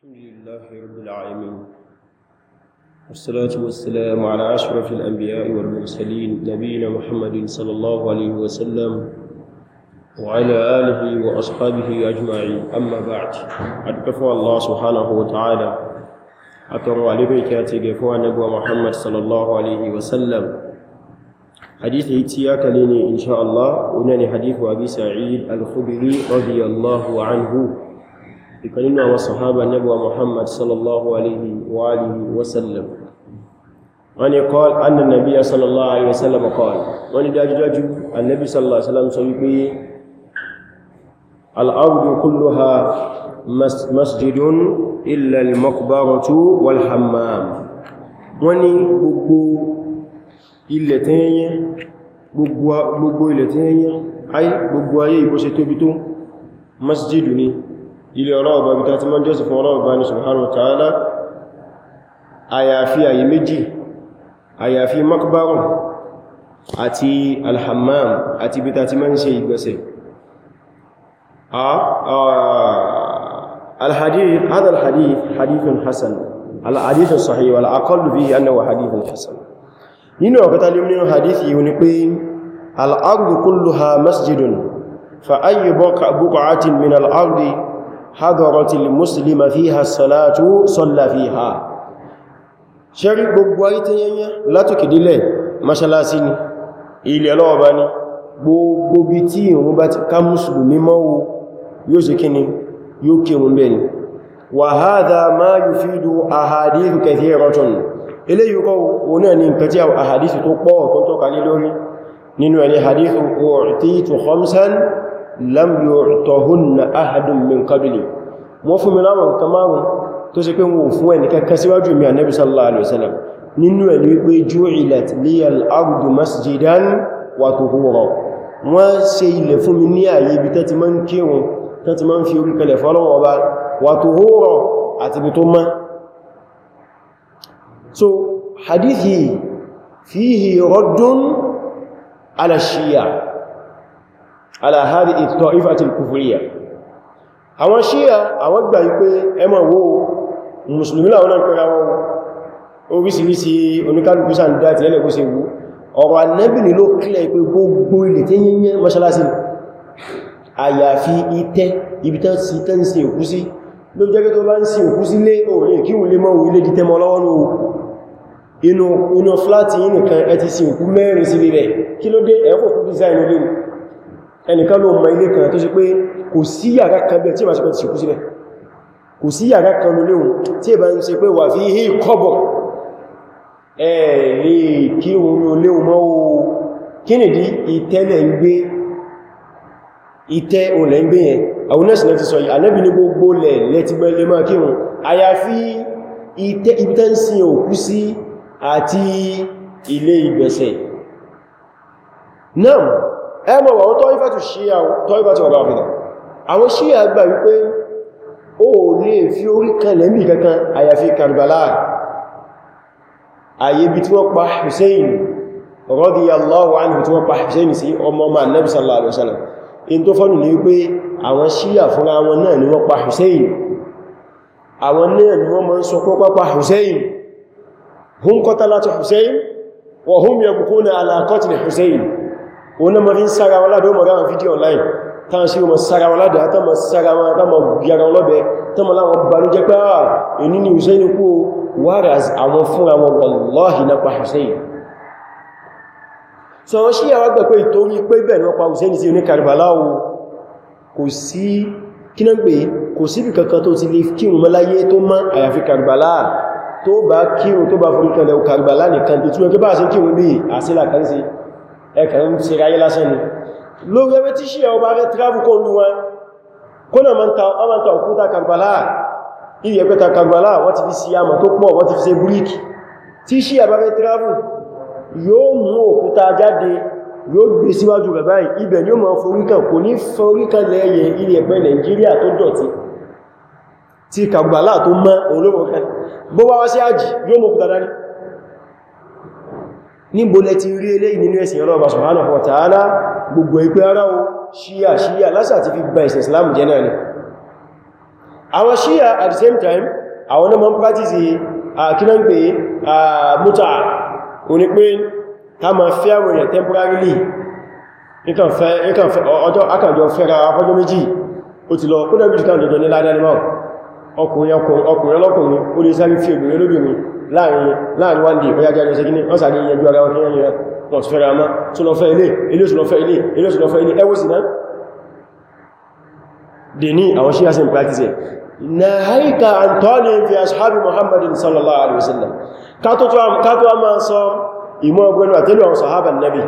الحمد لله رب العالمين والصلاة والسلام على أشرف الأنبياء والمرسلين نبينا محمد صلى الله عليه وسلم وعلى آله وأصحابه أجمعين أما بعد أتقفوا الله سبحانه وتعالى أتروا عليك أتقفوا نبوة محمد صلى الله عليه وسلم حديث إتياك لني إن شاء الله ونني حديث أبي سعيد الخبري رضي الله عنه ìkan nínú àwọn sọ̀hábà nẹ́bọ̀ Muhammad sallallahu alaihi wa alihi wasallam wọ́n ni kọ́ annan nabi sallallahu alaihi wasallam kọ́ wọ́n ni dájúdájú annabi sallallahu alaihi wasallam sọ wípé al'audu kulluha masjidun illa al ilẹ̀ gbogbo ayé ìbọ́sẹ̀ tóbi tó masjidu ni ilé ọlọ́ọ̀bá bí tàti mọ́n jọ́sìn fún ọlọ́ọ̀bá ní subhanahu wa ta'ala àyàfi àyè méjì àyàfi makbaru àti alhammam àti bí tàti mọ́n ṣe ìgbẹ̀sẹ̀ alhadith hadha alhadith hadithun hasan alhadith sahih wal aqallu fihi annahu hadithun hasan nínú ọ̀kọ̀ta lè nínú hadithi yìí ni pé al-ardu hadaratil muslima fiha salatu salla fiha ṣẹ́rí gbogbo ayé tẹ́ yẹnyẹ látòkìdílẹ̀ mọ́ṣálásí ni ilẹ̀ ọlọ́ọ̀bá ni gbogbo bí tí ìrun bá ti ká mùsùlùmí mọ́wó yóò ṣe kíni yóò kírun bẹ́ẹ̀ ni wa hadha ma yufidu ahadith kathiratun eléyìí kọ́ òun náà ni nǹkan tí àwọn ahadith tó pọ̀ tó tọ́ka lé lórí nínú ẹni hadithu u'titu khamsan lam yu'tahunna ahadun min qabli wọ́n fún mi láwọn nǹkan márùn tó ṣe pé wọ́n fún ẹni kankan síwájú mi ànábì sallallahu alaihi wasallam nínú ẹ̀ ni wípé ju'ilat liyal ardu masjidan wa tuhura wọ́n ṣe ilẹ̀ so hadithi fihi raddun ala shia ala hadhihi at-ta'ifati al-kufriyyah àwọn ṣíyà àwọn gbà wípé ẹmọ wo mùsùlùmí láwọn náà pẹ̀lú àwọn orísìírísìí oníkálùkù sáà ń dá ti ẹlẹ́kú sí ewu ọ̀rọ̀ anẹ́bì nílò kílẹ̀ pé gbogbo ilẹ̀ tí yíyẹ mọ́ṣálásí àyàfi ìtẹ́ ibi tán sí tán sí òkú sí ló jẹ́ pé tó bá ń sí òkú sí lé òní kí wùlé mọ́ ilé dìtẹ́ mọ́ lọ́wọ́ ní inú fláti yìí nìkan ẹ ti sí òkú mẹ́rin sí kí ló dé ẹ̀fọ́ fún design olóòrùn ẹnìkan ló mọ ilé kan tó ṣe pé kò sí yàrá kan bẹ̀ tí ìbá ṣe pé ti ṣekú sílẹ̀ kò sí yàrá kan ló léhun tí ìbá ń ṣe pé wà fi hí kọ́bọ̀ ẹ̀ lè kí orin oléhun mọ́ o kí nìdí ìtẹ́lẹ̀ ń ìtẹ́ olẹ̀ ń gbé yẹn àwọn nẹ́sì lẹ́ti sọ yìí Ànábì ní gbogbo lẹ̀ lẹ́ti gbẹ́lẹ̀ máa kí wọn àyàfi ìtẹ́ ibítẹ́nsìn òkú sí àti ilé ìgbẹ̀sẹ̀ náà ẹmọ̀ wọ́n tọ́ ìfẹ́ tó ṣíyà tọ́ ìfẹ́ tó ọgbà fìdà àwọn ṣíyà gbà wípé ó lè fi orí kan lẹ́mì kankan àyàfi Karbala ayé bí tí wọ́n pa Hussein radiyallahu anhu tí wọ́n pa Hussein sí ọmọ ọmọ Ànábì sallallahu alaihi wasallam in tó fọ́nù ní wípé àwọn ṣíyà fúnra wọn náà ni wọ́n Hussein òun náà ma fi ń sára wọn ládọ́ mọ̀ ráwọn fídíò online tán sí ọmọ sára wọn ládọ́ àtàmà sára wọn àtàmà yàrá wọn lọ́bẹ̀ tánmà láwọn banújẹ́ pé àà ah, èní ni Hussein kú whereas àwọn fúnra wọn wallahi na Hussein so wọ́n sí àwọn gbẹ̀ pé ìtorí pé bẹ̀rẹ̀ wọ́n pa Hussein sí ní Karbala o kò sí kí náà gbé kò sí bí kankan tó ti lè kírun mọ́láyé ẹ̀kà ń ti ráyé lásán ni lórí ẹwẹ́ tí ṣe ọba rẹ̀ tráfù kó lú wọn kó náà ma ń ta òkúta Karbala iyẹ̀pẹ̀ta Karbala wọ́n ti fi sí àmà tó pọ̀ wọ́n ti fi ṣe búríkì tí ṣe ọba rẹ̀ tráfù yóò mú òkúta jáde yóò gbé síwájú rẹ̀ báyìí ibẹ̀ ni ó máa foríkan kò níbo lẹ ti rí eléyìí nínú ẹ̀sìn ọlọ́ọ̀bá subhanahu wa ta'ala gbogbo ìpé ara o ṣíyà ṣíyà lásà ti fi gba ìsìn islam jẹ́ náà ni àwọn ṣíyà at the same time àwọn náà mọ́n practice àkínà ń pè mútà oní pé ta ma fẹ́ àwọn èèyàn temporarily akànjọ fẹ́ra afọ́jọ́ méjì ó ti lọ kó dẹ̀bí jù káàkiri ní ládá ní máa ọkùnrin ọkùnrin ọlọ́kùnrin ó lè sáré fi obìnrin lóbìnrin láàrin one day ọjá jẹ́ ṣekí ní wọ́n sàrí yẹjú ara wọn kí yẹn yẹra wọ́n fẹ́ra ma tó lọ fẹ́ ilé ilé òsùn lọ fẹ́ ilé ilé òsùn lọ fẹ́ ilé ẹwọ́ sí náà dè ní àwọn ṣíyà sí practice nahaika an tọ́lẹ̀ fi ashabi muhammadin sallallahu alaihi wasallam kátó a máa sọ ìmọ̀ ọgbẹ̀nu àtẹ́lẹ̀ àwọn sahaban nabi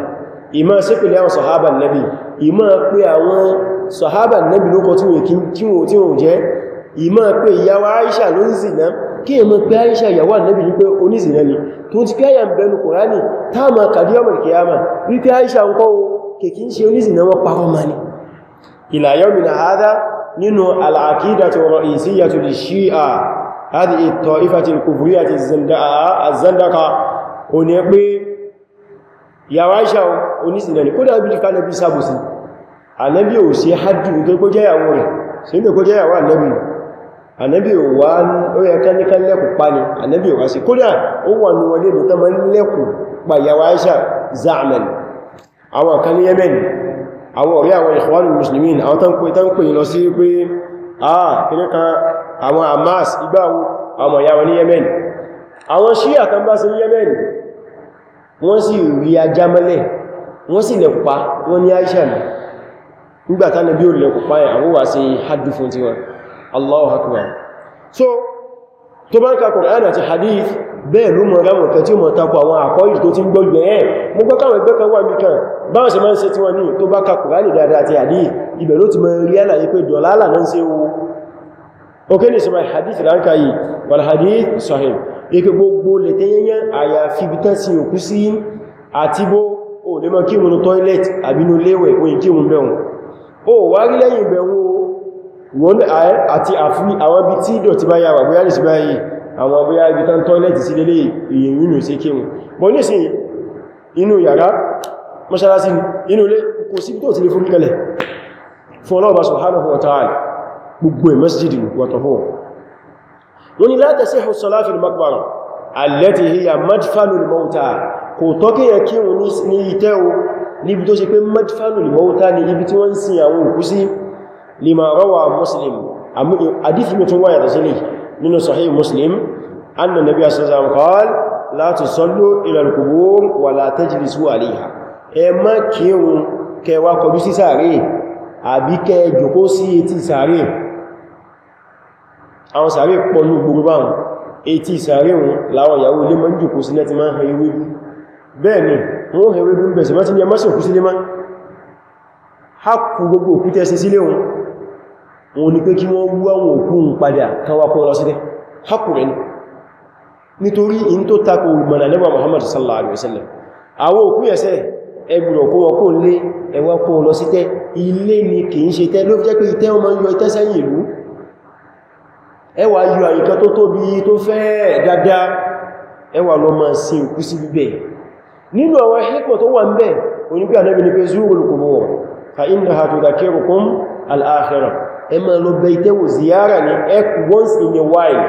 ìmọ̀ sípìlẹ̀ àwọn sahaban nabi ìmọ̀ pé ìyàwó aisha ló ń zì náà kí èmọ̀ pé àìṣà ìyàwó ànábì wípé oníṣìnà ni tó ti pé àyà ń bẹnu kòránì táàmà kàdíọ́mọ̀ kìyàmà wípé àìṣà ń kọ́ kèkí ń ṣe oníṣìnà wọn parọ́ ma ní ìlàyọ́mìnà hádá nínú al'aqidatu ra'isiyyatu lishi'a hadhihi at-ta'ifati al-kufriyyati az-zandaqa ó ní pé ìyàwó àìṣà oníṣìnà ni kódà bí ká nàbí sábòsí ànábì ò sí hajjú tó kó jẹ́ ìyàwó rẹ̀ sí ní kó jẹ́ ìyàwó ànábì ànábì wà ó yẹ káníká lẹ́kù pa ni ànábì wà sí kódà ó wà ní wọlé ní tánmà lẹ́kù pa yàwó aisha zaaman àwọn kan ní yemen àwọn ọ̀rẹ́ àwọn ikhwanul muslimin àwọn tán pè tán pè lọ sí pé ah kíníkà àwọn hamas igbáwó àwọn yàwó ní yemen àwọn shia tán bá sí yemen wọ́n sì rí ajá mọ́lẹ̀ wọ́n Allahu akbar so tó bá ń ka Kùránì àti hadith bẹ́ẹ̀ ló mọ̀ rámù kan tí ó mọ̀ takọ àwọn àkọ́yì tó ti ń gbọ́jú ẹ̀ mú gbọ́ káwọn ẹgbẹ́ kan wà ní kan báwọn ṣe máa ń ṣe tí wọ́n ní tó bá ka Kùránì dáadáa àti hadith ibẹ̀ ló ti mọ̀ rí àlàyé pé dọ̀lálà náà ṣe o ok ní ìsinmi wọ́n àti àwọn ibi tí ìdọ̀tí bá yàwà bóyá lè sí báyìí àwọn bóyá ibi tán tọ́lẹ̀tì sí lélé ìyìnwínú sí kéwù bọ́ ní sí inú yàrá mọ́ṣálásí inú ilé kò sí tó ti lè fún kẹlẹ̀ fún ọlọ́ọ̀bá subhanahu tó ṣe pé madfanul mawta ni ibi tí wọ́n sin àwọn òkú sí lima rawa muslim hadith mi tún wáyé da sílẹ̀ nínú sahih muslim anna nabiya sallallahu alaihi wasallam qal la tusallu ila al-qubur wa la tajlisu alaiha ẹ má kírun kẹ́ wá kọjú sí sàréè àbí kẹ́ jókòó sí etí sàréè àwọn sàréè pọ̀ ní gbogbo báwọn etí sàréè wọn láwọn ìyàwó ilé máa ń jókòó sí lẹ́tí máa ni wọ́n hẹ ewébú ń bẹ̀sẹ̀ mẹ́tí ni ẹ má sọ̀kú sílé máa ha kú gbogbo òkútẹ́ sí sílé wọn wọn ni pé kí wọ́n wú àwọn òkú ń padà kan wá kún lọ sílé ha kú rẹ̀ nítorí in tó tako ìmọ̀nà lẹ́wà Muhammad sallallahu alaihi wasallam àwọn òkú yẹ̀sẹ̀ ẹgbùrọ̀ kó wọn kó lé ẹwà ni فإنها تذكركم الآخرة إما لو بيتو زيارة لك once in a while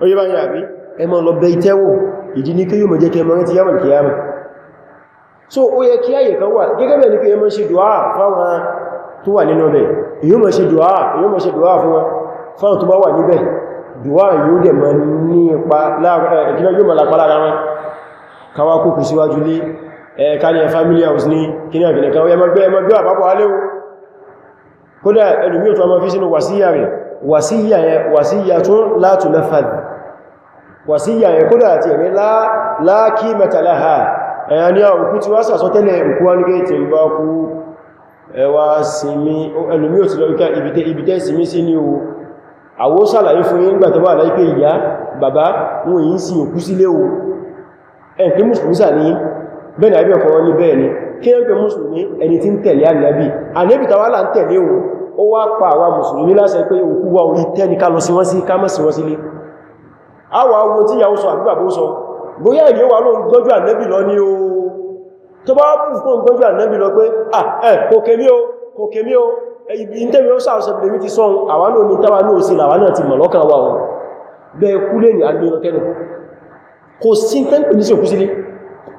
oye bá yàbí ẹmọ lọ bẹ ìtẹ́wò ìdí ní kí yíò mọ̀jẹ́ kí ẹmọ rántí yàmà kí yàmà so ó yẹ kí ayẹ kan wà gẹ́gẹ́ bẹ̀ ní kí ẹmọ ṣe dùá fáwọn tó wà nínú bẹ̀ yíò mọ̀ ṣe dùá fún wọn fáwọn tó bá wà níbẹ̀ dùá yóò dẹ̀ mọ̀ ní ipa láàrín káàkiri family house ní kíní àbìnà kan ẹmọgbẹ́ ẹmọgbẹ́ àpapọ̀ aléwò kódà ẹlùmí ò tó ọmọ fi sínú wàsíyà rẹ̀ wàsíyà yẹ wàsíyà tó látù lẹ́fàdì wàsíyà yẹ kódà àti ẹ̀rẹ́ láàkí mẹ́tàláha ẹ̀yà ní òkú tí wá sàsọ tẹ́lẹ̀ òkú wá nígbé tí bá kú ẹwà sinmi ẹlùmí ò ti lọ ikẹ́ ibìtẹ́ sinmi sí ní o àwó sàlàyé ẹ̀kí mùsùlùmí sà ní bẹ́ẹ̀ni àbí ọkọ̀ wọn ní bẹ́ẹ̀ni kí ẹgbẹ̀ musulmi ẹni tí ń tẹ̀lé ànábì bi, tàwálà ń tẹ̀lé òun ó wá pa àwa mùsùlùmí láṣẹ pé òkú wa orí tẹ́ ní ká lọ sí wọ́n sí ká sọ wa ló ń gbọ́jú ànábì lọ ní o tó fún gbọ́jú ànábì lọ pé ah ẹ kò kèmí o kò kèmí o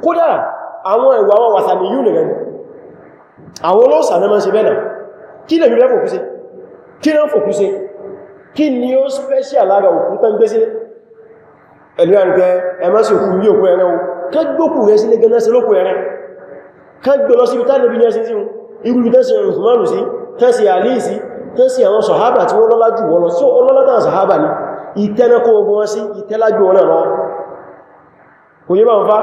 ó wa àwọn ìwà wọn wàsà ní yíò nìrẹ̀ àwọn olóòsà náà ṣe bẹ́ẹ̀ náà kí lè bíbẹ́ fòkúsí kí náà fòkúsí kí ni ó special lára òkú tán gbé sí ẹ̀lú àrùkẹ́ ẹmọ́sí òkú ní òkú ẹran ká gbókù rẹ̀ sílé gẹ́nà sí lókù ẹran ká gbé lọ sí ibi tánàbí ní ẹsìn sí irú tẹ́sí Uthmanu sí tẹ́sí Àlí sí tẹ́sí àwọn sàhábà tí wọ́n lọ́lá jù wọ́n lọ sí ọlọ́lá tàn sàhábà ní ìtẹ́nakó ogun wọn sí ìtẹ́lájú wọn náà lọ kò yé bá ń fa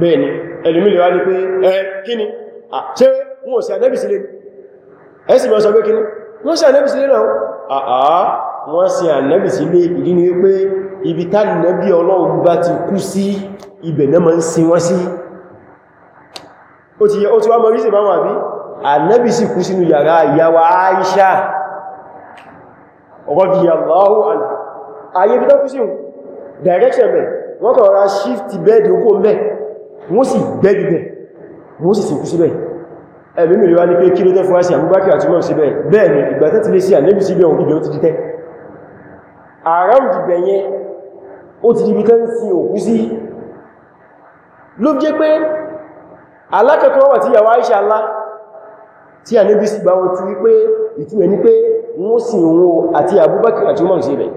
bẹ́ẹ̀ ni ẹlùmílẹ̀ wá ní pé ẹ kíni ṣe wọ́n ò sí ànẹ́bì sílé ẹ sì mọ́ sọ pé kíni wọ́n sí ànẹ́bì sílé náà àà wọ́n sí ànẹ́bì sílé ìdí ni wípé ibi tá nẹ́bí ọlọ́run bá ti kú sí ibẹ̀ náà ma ń sin wọ́n sí ó ti yẹ ó ti kọ̀ ra shift bẹ́ẹ̀dì okó mẹ́ẹ̀ wọ́n sì gbẹ́gbẹ́ wọ́n sì sìnkú síbẹ̀ ẹ̀mí mi wá ní pé kí ló tẹ́ fún wá sí àbúbákì àti mọ́ síbẹ̀ bẹ́ẹ̀ ni ìgbà tẹ́ ti lé sí ànẹ́bì síbẹ̀ òun ìbẹ̀ ó ti dìtẹ́ àrán jìbẹ̀ yẹn ó ti dìbí tán sí òkú sí ló jẹ́ pé alákẹ́kọ̀ọ́ wà tí yàwó Àìṣà alá tí ànẹ́bì sì bá wọn tú wípé ìtumẹ̀ ní pé wọ́n sì òun àti àbúbákì àti mọ́ síbẹ̀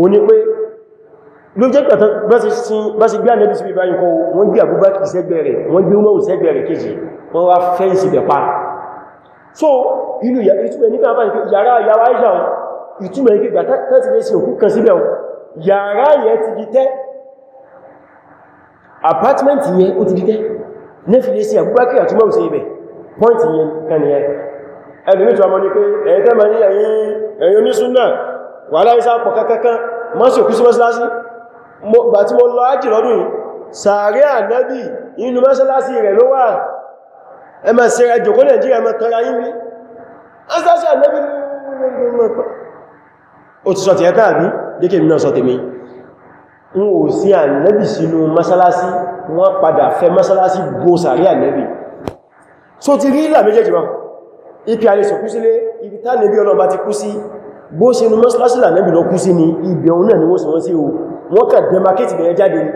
ó ní pé ló jẹ́ pẹ̀tọ́ bá sì gbé ànẹ́bí sí báyìí kan wọ́n gbé Abubakar sẹ́gbẹ̀ rẹ̀ wọ́n gbé Umaru sẹ́gbẹ̀ rẹ̀ kejì wọ́n wá fẹ́ǹsì bẹ̀pá so inú ìtumẹ̀ nígbà bá ní yàrá yàrá ìjà ìtumẹ̀ ní gbà tẹ́tì lé sí òkú kan síbẹ̀ yàrá yẹ ti di tẹ́ apartment yẹn ó ti di tẹ́ nẹ́fì lé sí Abubakar àti Umaru sí ibẹ̀ point yẹn kan yẹn ẹlùmí tó amọ́ ní pé ẹ̀yẹ́ tẹ́ mọ̀ ní ẹ̀yìn onísúnnà wà láìsá pọ̀ kankan mọ́sí òkú gbà tí mo lọ ájì lọ́dún sàárẹ́ ànábì inú mọ́sálásí rẹ̀ ló wà ẹmà sẹ́rẹ̀ jòkó nàìjíríà mọ́ tọ́ra yí bí ọ́sásí ànábì ó ti sọ ti ẹ̀ta àbí dékè mìíràn sọ tèmi ń ò sí ànábì sínú mọ́sálásí wọ́n padà fẹ́ mọ́sálásí bó sàárẹ́ ànábì so ti rí ìlà méjèèjì wọn ipi a lè sọ kú sílé ibi tá nẹ́bí ọlọ́ba ti kú sí bó sínú mọ́sálásí lànẹ́bì lọ kú sí ni ibẹ̀ òun náà ni wọ́n sọ wọ́n sí o wọ́n kà demarcate bẹ̀yẹn jáde ní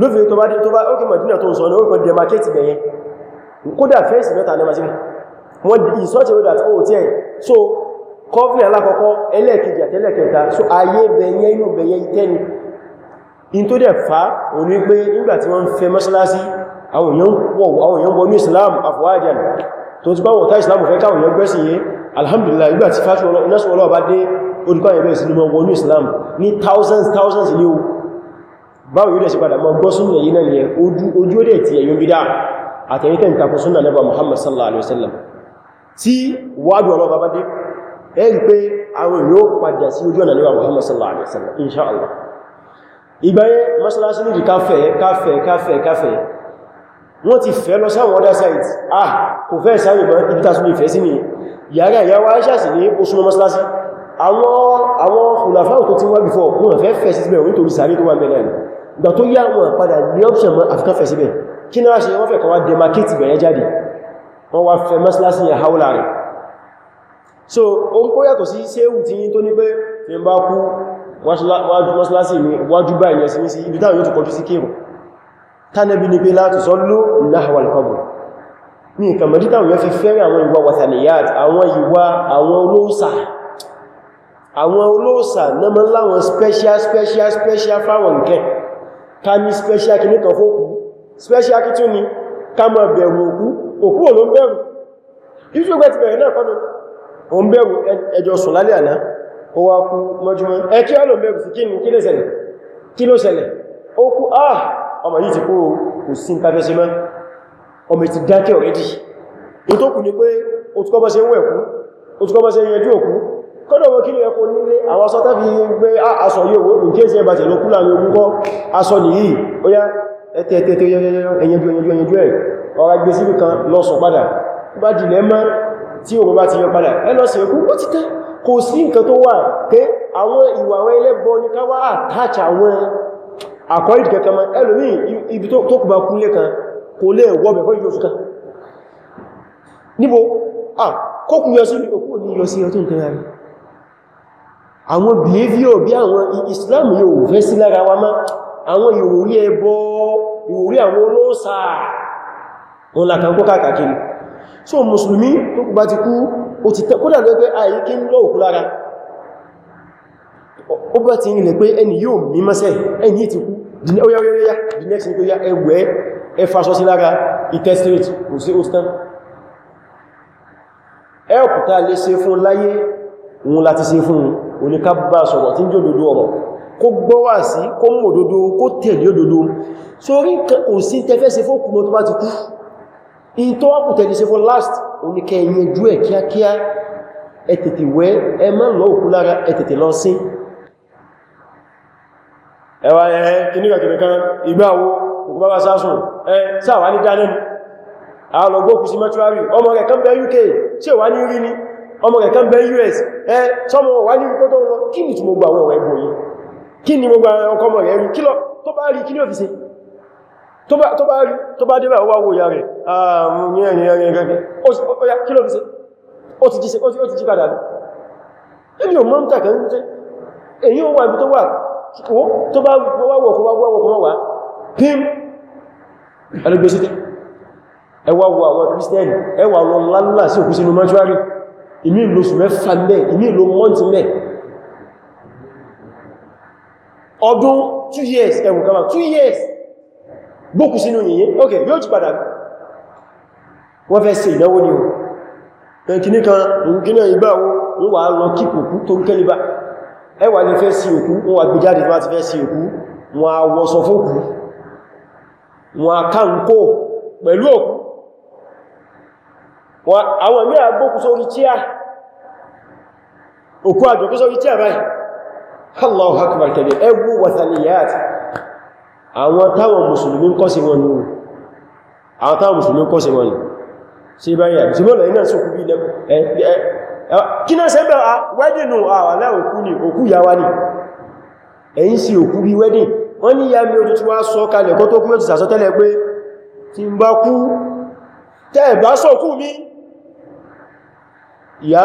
ló fi tó bá dé tó bá ókè Madina tó ń sọ ní orúkọ demarcate bẹ̀yẹn kódà fẹ́ẹ̀sì mẹ́ta ní masílẹ̀ wọ́n di such a way that oh ten so kọfí alákọ̀ọ́kọ́ ẹlẹ́ẹ̀kejì àtẹ́lẹ́kẹta so ayé bẹ̀yẹn inú bẹ̀yẹn ìtẹ́ni in tó dẹ̀ fa òní pé nígbà tí wọ́n fẹ́ mọ́sálásí àwọn èèyàn wọ́n ní Islam afwajan tó ti bá wọ̀ta Islam fẹ́ káwọn èèyàn gbẹ́sìn yé alhamdulillah nígbà tí fásitì náà olùkọ́ ẹ̀bẹ̀ ìsinimọ̀ wọnú Islam ní thousands thousands ilé o ni ojú ó dẹ̀ ti ẹ̀yùn bídá àtẹ̀yìntẹ̀ ìtakùn súnmọ̀ Muhammad sallallahu alaihi wasallam tí wádùn ọlọ́ba bá dé ẹ̀rí pé àwọn yóò padà sí ojú Muhammad sallallahu alaihi wasallam inṣáàlá ìgbáyé mọ́sálásí ní káfẹ́ káfẹ́ káfẹ́ káfẹ́ wọ́n ti fẹ́ lọ sáwọn other side ah kò fẹ́ sáwọn ìbọn ibi tásùn ìfẹ́ sí ni yàrá ìyáwó aṣáàsì ní oṣù mọ́sálásí àwọn àwọn fùlàfáà tó ti wá bí fọ́ wọ́n fẹ́ fẹ́ síbẹ̀ wọ́n nítorí sàárè tó wà mẹ́lẹ̀ ní ìgbà tó yá wọn padà ní option mọ́ àfikán fẹ́ síbẹ̀ kí náà ṣe wọ́n fẹ́ kọwa demarcate bẹ̀rẹ̀ jáde wọ́n wá fẹ́ mọ́sílásí so o ń kó yàtọ̀ sí séwù ti yí tó ní pé fi ń bá kú mọ́sílásí mi wájú báyìí ẹ̀sìn sí ibi táwọn yóò tó kọjú sí kéwù tánẹ́bí ni pé láti sọ ló náhàwà lọ́kọ̀bù ní ìkàmọ̀dítàwọn fi fẹ́rẹ̀ àwọn ìwà wàtàníyàt àwọn ìwà àwọn olóòsà àwọn olóòsà náà mọ́ láwọn special special special fáwọn nǹkan ká ní special kì ní kan fókù special kí tún ní ká mọ́ bẹ̀rù òkú òkú ò ló ń bẹ̀rù ìṣúgbẹ́ ti bẹ̀rẹ̀ náà kọ́nà ò ń bẹ̀rù ẹjọ́ sùn lálẹ́ àná ó wá kú mọ́júmọ́ ah ọmọ yìí ti kú kò sí ń tafẹ́ sí mọ́ ọmọ ti dákẹ́ kọ́dọ̀ wọ́n kí ní ẹkùn nílé àwọn sọ́tá fi gbé aṣọ yóò wó ní kéèsì ẹbàtì ló kúlà ní ogun kọ́ aṣọ nìyí ó yá ẹ̀tẹ̀ẹ̀tẹ̀ ẹ̀yẹnjú ẹ̀yẹnjú ẹ̀ ọ̀rá gbé síbì kan lọ́sọ̀ padà bá jìlẹ̀ mọ́ tí òun bá ti yọ padà ẹ lọ sí ẹkùn ó ti tẹ́ kò sí nǹkan tó wà ah kókùn yọ sí òkú ní yọ sí ọtún àwọn behavior bí àwọn Islam yóò fẹ́ sí lára wa má àwọn ìwòrí ẹbọ ìwòrí àwọn olóòsà wọn lákan kó káàkiri so mùsùlùmí tó kú bá ti kú ó ti tẹ́ kódà lẹ́gbẹ́ ayé kí ń lọ òkú lára ó bá ti rìnlẹ̀ pé ẹni yóò mímọ́sẹ̀ ẹni ti kú ọyọ́yọ́yá the next thing ya ẹwẹ́ ẹfàṣọ́ sí lára ìtẹ́sírìtì kò sí ostan ẹ̀ọ̀kùtà lè ṣe fún láyé òun láti ṣe fún un oníkábà sọ̀rọ̀ tí ń jò dúdú ọ̀rọ̀ kó gbọ́wà sí kó mọ̀ dúdú kó tẹ̀lé dúdú sórí kò sí tẹfẹ́ ṣe fún kùnà tó bá ti kú in tó wọ́pù tẹ̀lé ṣe fún last oníkẹyìn ojú ẹ̀ kíákíá ẹ tètè wẹ̀ ẹ má lọ òkú lára ẹ tètè lọ sí ẹwà ẹ̀ kìníkàkìníkan ìgbàwó òkú bá bá sásùn ẹ sáà wá ní dánẹ́nu àwọn ọgbókù sí ọmọ rẹ̀ kan bẹ us ẹ sọmọ wà ní ikọ́ tó lọ kí ni tí mo gbà àwọn ẹ̀wọ̀ yìí kí ni mo gbà ọkọ̀ mọ̀ rẹ̀ rí kí lọ tó bá rí kí ní òfìsí tó bá débà ó wá wo ìyá rẹ̀ ẹwà wo àwọn kírísítẹ́nì ẹwà wọn lánlá sí òkú sínú mọ́ṣúárì ìmí ìlú oṣù mẹ́fà mẹ́ ìmí ìlú mọ́ntí mẹ́ ọdún 2 years ẹ̀wùn kama 2 years gbókù sínú yìí ok yóò ti padà wọ́n fẹ́ ṣe ìnáwó ni ohun kìní kan ìrìnkìní ìgbà wọ́n wà lọ kí òkú tó ń kẹ́lẹ̀ bá ẹwà lè fẹ́ sí òkú wọ́n wà gbé jáde wọ́n ti fẹ́ sí òkú wọ́n a wọ́sọ fókù wọ́n a ká ń kó pẹ̀lú òkú àwọn mẹ́ra gbókù sórí tíá òkú àjọ̀kú sórí tí àbáyì Allahu akbar kabir ẹgbù wathaniyat àwọn táwọn musulmi kọ́ sí wọn nínú àwọn táwọn musulmi kọ́ sí wọn sí báyìí àbí síbọ̀lá iná sókú bí kí náà sẹ́bẹ̀ wẹ́dìnù àwàlá òkú ni òkú yàwá ni ẹ̀yìn sí òkú bí wẹ́dìn wọ́n ní ya mi ìyá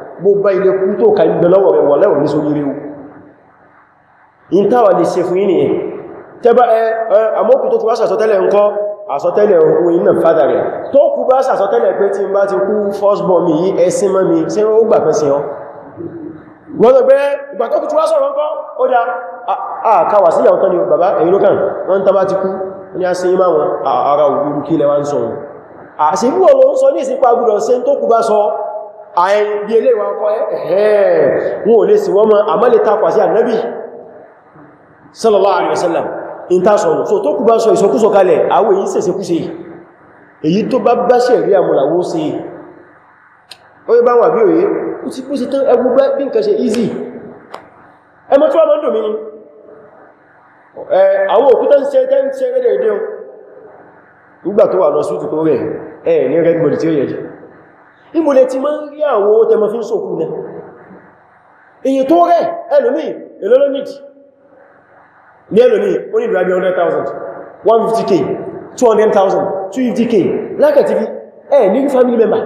bó bá ilé kú tó ka ìgbẹ̀ lọ́wọ́ rẹ̀ wọ̀lẹ́ òní sórí rí o in táwà lè ṣe fún yí nìyẹn tẹ́bá ẹ àmọ́kù tó ti wá sàsọtẹ́lẹ̀ ń kọ́ àsọtẹ́lẹ̀ ohun iná fádà rẹ̀ tó kú bá sàsọtẹ́lẹ̀ pé tí n bá ti kú firstborn mi yí ẹsìn mọ́ mi sí ó gbà pẹ́ sí ọ wọ́n tó pé ìgbà tó kú ti wá sọ̀rọ̀ ń kọ́ ó dá àkàwà sí ìyàwó tán ni bàbá ẹ̀yìn lókàn wọ́n tán bá ti kú ní a sí imá wọn ara òbí rúkí lẹ́wà ń sọ àìbí ilé ìwà ọkọ̀ ẹ̀ẹ́ wọn ò lè sì wọ́n mọ́ àmọ́lẹ̀ takwà sí ànábì sallallahu alaihi wasallam in ta sọ̀rọ̀ so tó kù bá sọ ìsọkúsọ kalẹ̀ àwọn èyí sẹ̀sẹ̀ kú sí èyí tó bá bá ṣe rí àmúlàwó sí ó yẹ bá wà bí òye ó ti kú sí tán ẹgbù bá bí nǹkan ṣe easy ẹmọ tí wọ́n mọ́ ń ni àwọn òkúta ń ìmò lè ti máa ń rí àwọn owó tẹmọ fi ń sòkú nẹ èyí tó rẹ̀ ẹlòmí elolonidi ní ẹlòmí ó ní ìrìnàbí 100,000 150k 200,000 250k lákàtí fi ẹ̀ ní family member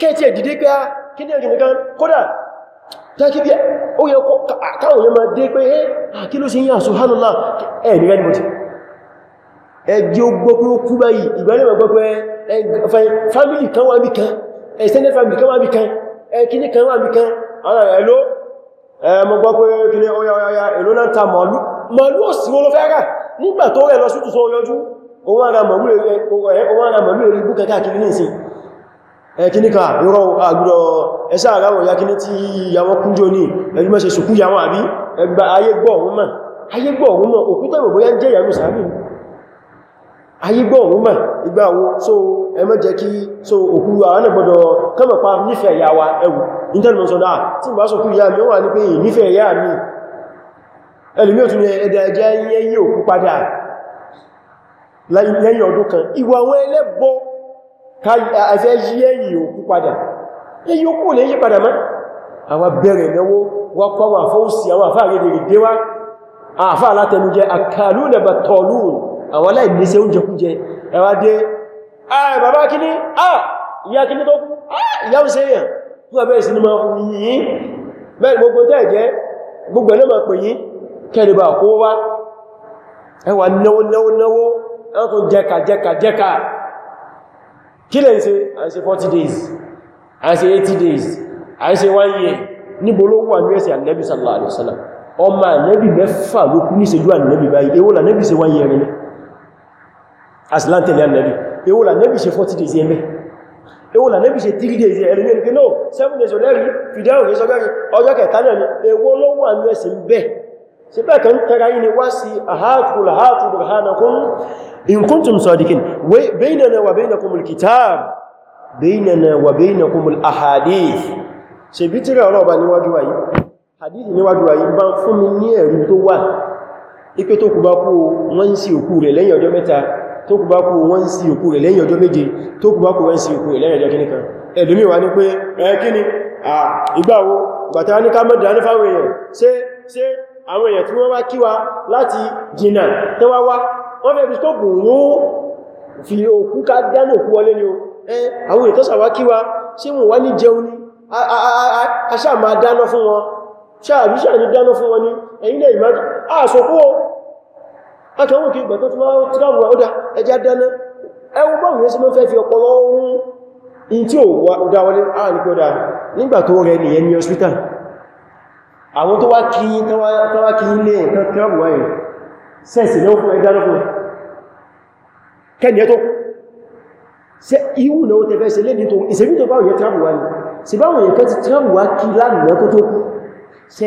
kẹ́ẹ̀tì ẹ̀dìdé pé ah, kí ní ẹ̀rìn kan kódà jákí bí ó yẹ káwọn yẹ máa dé pé kí ló ṣe yí subhanallah ẹ̀ ní rẹ̀ ní mọ́tí ẹgbẹ́ ó gbọ́ pé ó kú báyìí ìgbẹ́lẹ̀mọ̀ gbọ́ pé family kan wà bí kan extended family kan wà bí kan kíní kan wà bí kan ara rẹ̀ ló mọ̀ gbọ́ o kíní ọyọ́yọ́yọ́ èlò náà ta màálù màálù òsì wọ́n ló fẹ́ rà nígbà tó rẹ̀ lọ sútù sọ yọjú òun ara màálù èrí bú kẹta kiri nìsìn kíní kan ìrọ̀ àgbùrọ̀ ẹsẹ́ àráwọ̀ ya kíní tí ìyàwó kúnjọ ní ẹgbẹ́ mẹ́sẹ̀ sùkú yàwọn àbí ẹgbà ayé gbọ́ òun mọ̀ òkútẹ́ ìwòbóyá jẹ́ ìyàwó sàárì ayígbọ́ òun mà ìgbà wo so ẹmọ́ jẹ́ kí so òkú àwọn ẹgbọ́dọ̀ kọ́mọ̀ pa nífẹ̀ẹ́ ìyá wa ẹwù ìtẹ́lùmọ̀ sọ́dá tí bá sọ kú ya mi ó wà ní pé nífẹ̀ẹ́ ìyá mi ẹlùmí ò tún ẹ̀dà ẹjẹ́ yẹ́yí òkú padà lẹ́yìn ọdún kan ìwà àwọn ẹlẹ́bọ àwọn aláìníṣẹ́ oúnjẹ kújẹ ẹwà dé ààrẹ bàbá kíní àà ìyá kíní tó kú àà ìyá ń ṣe èèyàn tó wà bẹ́ẹ̀ sí ni máa fún yìí bẹ́ẹ̀ gbogbo tẹ́ẹ̀jẹ́ gbogbo ẹ̀nà máa pè yìí kẹ́lùbà kó wá ẹwà náwó náwó náwó ẹwà tó 40 days à 80 days à 1 year níbo ló wà ní ẹ̀sẹ̀ sallallahu alaihi wasallam ọmọ ànẹ́bì mẹ́fà ló kú ní ìṣẹ́jú ànẹ́bì báyìí ewó lànẹ́bì se 1 year rẹ̀ asìlántẹ̀lẹ̀ annabi ewu la nabi ṣe 40 days ẹmẹ́ ewu la nabi ṣe 3 days ẹ̀rẹ́ ní ẹ̀rẹ́ no 7 days ọ̀lẹ́rí fìdáhùn ní sọ́gbẹ́rin ọjọ́ kẹta náà ni ewu lọ́wọ́ àmì ẹ̀sìn bẹ́ sí pẹ́ kan tẹ́ra yìí ni wá sí àhátùlàhátù burhanakum in kuntum sadiqin baynana wa baynakumul kitab baynana wa baynakumul ahadith ṣe bí tíra ọ̀rọ̀ ọba níwájú wáyí hadith níwájú wáyí bá fún mi ní ẹ̀rí tó wà ipé tó kú bá kú wọ́n sí òkú rẹ̀ lẹ́yìn ọjọ́ mẹ́ta tó kù bá kú wọ́n sí òkú rẹ̀ lẹ́yìn ọjọ́ méje tó kù bá kú wọ́n sí òkú rẹ̀ lẹ́yìn ọjọ́ kìnnìkan ẹ̀dùnmí wà ní pé ẹ̀kíní ìgbàwó gbàtà ní kámọ́dà ní fáwọn èèyàn ṣe ṣe àwọn èèyàn tí wọ́n wá kíwa láti jìnnà tó wá wá wọ́n fẹ́ fi stóòpù wọ́n fi òkú ká dánà òkú wọlé ni o àwọn èèyàn tó sàwá kíwa ṣe wọ́n wá ní jẹun ní aṣáà máa dáná fún wọn ṣáà bí ṣáà ní akẹwọ́n kí ìgbà tó tí wọ́n tí wọ́n ọdá ẹjá dáná ẹwọ́n bá wùyẹ́ sí mọ́ fẹ́ fi ọpọlọ ohun in tí ó dá wọlé ààrùn nígbà tó rẹ ní ẹni hospital àwọn tó wá kí tánwá kí ilé ẹ̀kan kẹrùwá ẹ̀ sẹ́ẹ̀sì náà fún ẹgbẹ́ lọ́fún kẹ́niyẹ́ tó sẹ́ ihu náà ó tẹ́fẹ́ sí lé ní tó ìsẹ̀mí tó báwọn yẹ tánwá ní sí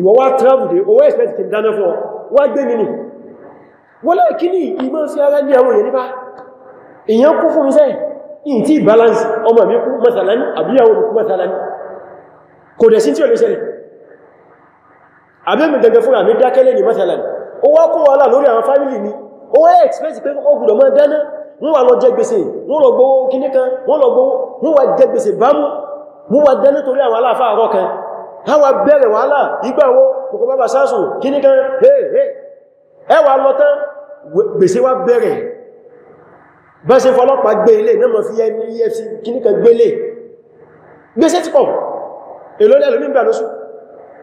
ìwọ wá travel dé owó expect kí n dáná fún ọ wá gbé mi nì wọ́n lẹ́ kí ní ìmọ̀ sí ara ní àwọn èèyàn nípa èèyàn kú fún iṣẹ́ in tí balance ọmọ mi kú mẹ́sàlán àbíyàwó mi kú mẹ́sàlán kò dẹ̀ sí tí ò lè ṣẹlẹ̀ abẹ́mi gẹ́gẹ́ fún àmì dákẹ́lẹ̀ ní mẹ́sàlán ó wá kó wọ́lá lórí àwọn fámílì wọ́n wà lọ jẹ àwọn aláfáà rọ̀ àwa bẹ̀rẹ̀ wàhálà ìgbàwó kòkò bàbà sáàsù kíní kan ẹwà lọ́tán gbèsè wá bẹ̀rẹ̀ bá ṣe fọlọ́pàá gbé ilé náà mọ̀ fi ẹni efc kíní kan gbélé gbèsè ti pọ̀ èlò ní ẹlòmí ìgbàlóṣù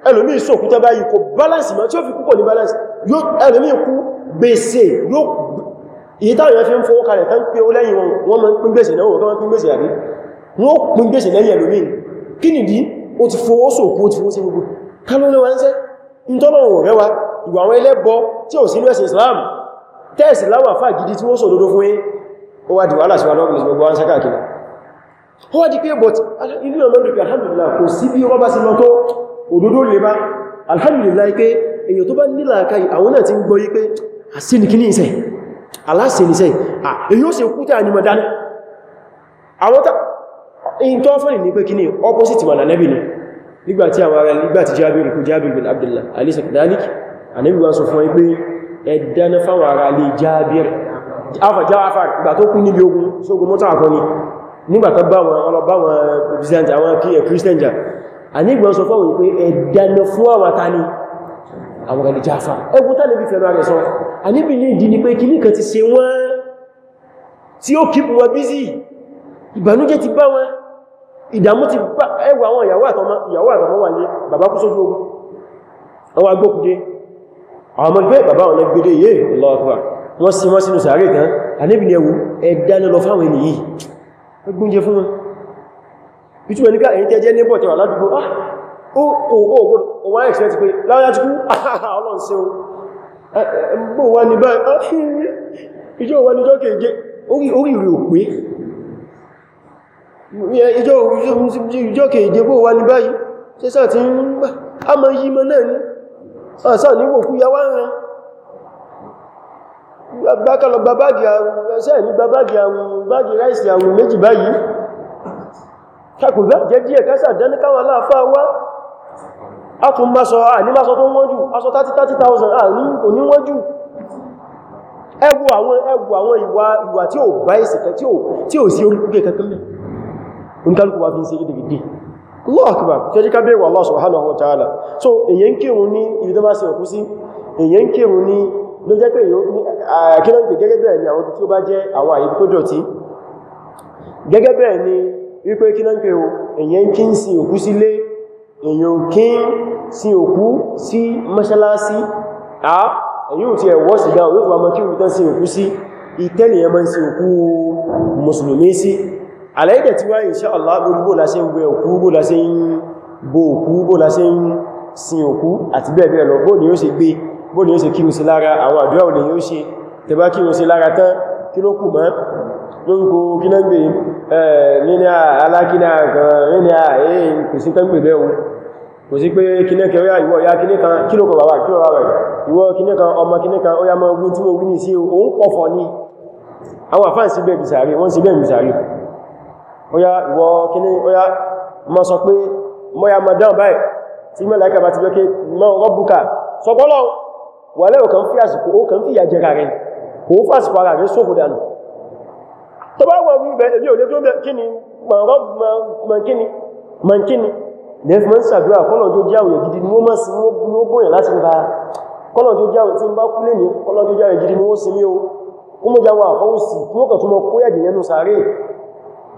ẹlòmí ìsòkútẹ́ báyìí kò balance mọ́ tí ó fi kúkò ní balance ẹlòmí ikú gbèsè yóò èyí táwọn èèyàn fi ń fowó kalẹ̀ tán pé ó lẹ́yìn wọn wọ́n máa ń pín gbèsè náà wọ́n pín gbèsè àbí wọ́n pín gbèsè lẹ́yìn ẹlòmí kí nìdí ó ti fowó sòkú ó ti fowó sí gbogbo kálólé wa ń sẹ́ ìtọ́lọ̀wọ̀ rẹwa ìwà àwọn ẹlẹ́bọ tí ò sínú ẹ̀sìn Islam tẹ́ẹ̀sì láwọn àfá gidi tí wọ́n sọ òdodo fún yín ó wá di wàhálà sí wa lọ́gbìn gbogbo wọn sákà kìí ó wá di pé but inú ọmọ ìrìnkì alhamdulillah kò sí bí wọ́n bá sí lọ tó òdodo lè bá alhamdulillah pé èyàn tó bá nílà káyì àwọn náà ti ń gbọ́ yí pé àsìnìkíní ìsẹ̀ aláṣìnìsẹ̀ èyí ó sì kúta ní mọ̀dánà àwọn tó fún ní pé kíní opposite mọ̀nà nẹ́bì ni nígbàtí àwọn ará nígbàtí jábìrì kú jábìrì bin abdullah alisa kadalik anábíwá sọ fún ẹgbẹ́ ẹ̀dáná fáwọn ará lè jábìrì alfa jáfà gbà tó kún níbi ogun sógun mọ́ta àkọni nígbàtà báwọn ọlọ́báwọn byzant àwọn christian jà anábíwá sọ fún wípé ẹ̀dáná fún àwọn tani àwọn ará lè jáfà ẹgbùn tàbí bí fẹ́rọ rẹ̀ sọ anábí lè dì ní pé kí nìkan ti ṣe ìdàmú ti ẹwà àwọn ìyàwó àtọmọ wà ní bàbá kú sójú ogun àwọn agbókùdé àwọn ọmọdé bàbá wọn gbédé yé lọ́ọ̀kọ́ wọ́n sí wọ́n sínú sàárè kan àníbì ní ẹwù ẹ̀dá lọ fáwọn ènìyàn yìí gbóúnjẹ fún wọn ìtú ẹni ká èyí tẹ́ jẹ́ ní bọ̀ tẹwà ládùgbò ó wọ́n ẹ̀ṣẹ́ ti pé láwọn yàtí kú ọlọ́n seun bó wà ní báyìí ah, ìjọ wà ní jọ́kẹ̀ẹ́jẹ́ orí ìrì òpé ìjọ́ kèèdébò wà ní báyìí ṣe sáà ti ń gbà a mọ̀ yí mọ̀ náà ní àṣà níwò kú ya wá rán bákàlọ gba báàgì àrùn ẹsẹ́ ní gba báàgì àrùn báàgì ráìsì àrùn méjì báyìí kàkùnbẹ́ jẹ́ díẹ̀ kásà dẹ́ni káwọn aláàfáà wá a tún má sọ à ní má sọ tó wọ́n jù aṣọ 30,000 à ní kò ní wọ́n jù ẹgbù àwọn ìwà tí ò bá ìsìnkẹ́ tí ò sí orí púpẹ̀ kankan mẹ́ ń kálùkù wá fi ń ṣe gidigidi lọ́ọ̀kìbà tẹ́jí ká bẹ̀rẹ̀ Allah subhanahu so èyàn kírun ní ibi tó bá sí òkú sí èyàn kírun ní ni àwọn tí ó bá jẹ́ àwọn àyíkú ni wípé kílọ́n pè o èyàn kí ń sin òkú sílé èyàn kí ń sin òkú sí mọ́ṣálásí a èyàn ti ẹ̀wọ́ sí dáa yóò fà mọ́ kí òkú tán sin ìtẹ́lẹ̀ ẹmọ́ sin òkú mùsùlùmí sí àlẹ́ìdẹ̀ tí wá insha Allah gbogbo la ṣe ń wẹ òkú bó la ṣe ń bo òkú bó la ṣe ń sin òkú àti bẹ́ẹ̀ bẹ́ẹ̀ lọ bó ni ó ṣe gbé bó ni ó ṣe kírun sí lára àwọn àdúrà ò lè yóò ṣe tẹbá kírun sí lára tán kí ló kù mọ́ lórúkọ kí náà gbé nínú alákínà kan nínú ààyè kò sí tán gbé bẹ́ẹ̀ kò sí pé kíní kẹrẹ ìwọ̀ ya kíní kan kí ló kọ̀ bàbá kí ló bàbá ìwọ̀ kíní kan ọmọ kíní kan ó yá mọ́ ogun tí mo wí ní sí òun pọ̀fọ̀ ní àwọn àfáà sí bẹ́ẹ̀ bìsàrí wọ́n sí bẹ́ẹ̀ bìsàrí bóyá ìwọ kíní bóyá ma sọ pé mọ́ya ma dáhùn báyìí tí mẹ́lá ìkàbà ti jọ́kẹ́ mọ́ rọ́bùkà sọpọ́lọ́ wà lẹ́rọ kan fi àsìkò ó kan fi ìyà jẹra rẹ̀ kò ó fàsìkò ara rẹ̀ sófò dànù tó bá wọ́n wíbẹ̀ èmi ò lè tó bẹ̀ kíni mankini lè fi mọ́n sàdúrà kọ́lọ̀jó jáwẹ̀ gidi ni wọ́n sí ní ó bóyàn láti nípa kọ́lọ̀jó jáwẹ̀ tí ń bá kúlé ní kọ́lọ̀jó jáwẹ̀ gidi ni wọ́n sí ní ó kúmọ́jáwọ̀ àfọwọ́sí tí ó kàn túnmọ̀ kóyàjì nínú sàárè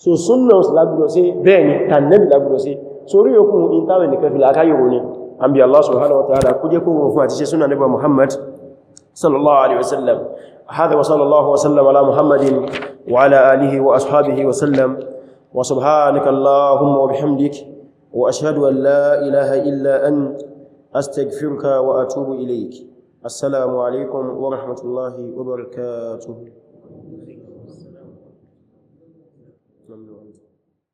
so sunna lagbúrò sí bẹ́ẹ̀ni tànẹ́bì lagbúrò sí sórí okùn intawe nìkan fi lákáyòrò ní àbí Allah subhanahu wa ta'ala kó jẹ́ kó wọn fún àti ṣe sunna nígbà Muhammad sallallahu alaihi wasallam hada wa sallallahu wa sallam ala Muhammadin wa ala alihi wa ashabihi wasallam wa subhanaka Allahumma wa bihamdik wa ashhadu an la ilaha illa an astaghfiruka wa atubu ilayk assalamu alaikum wa rahmatullahi wa barakatuh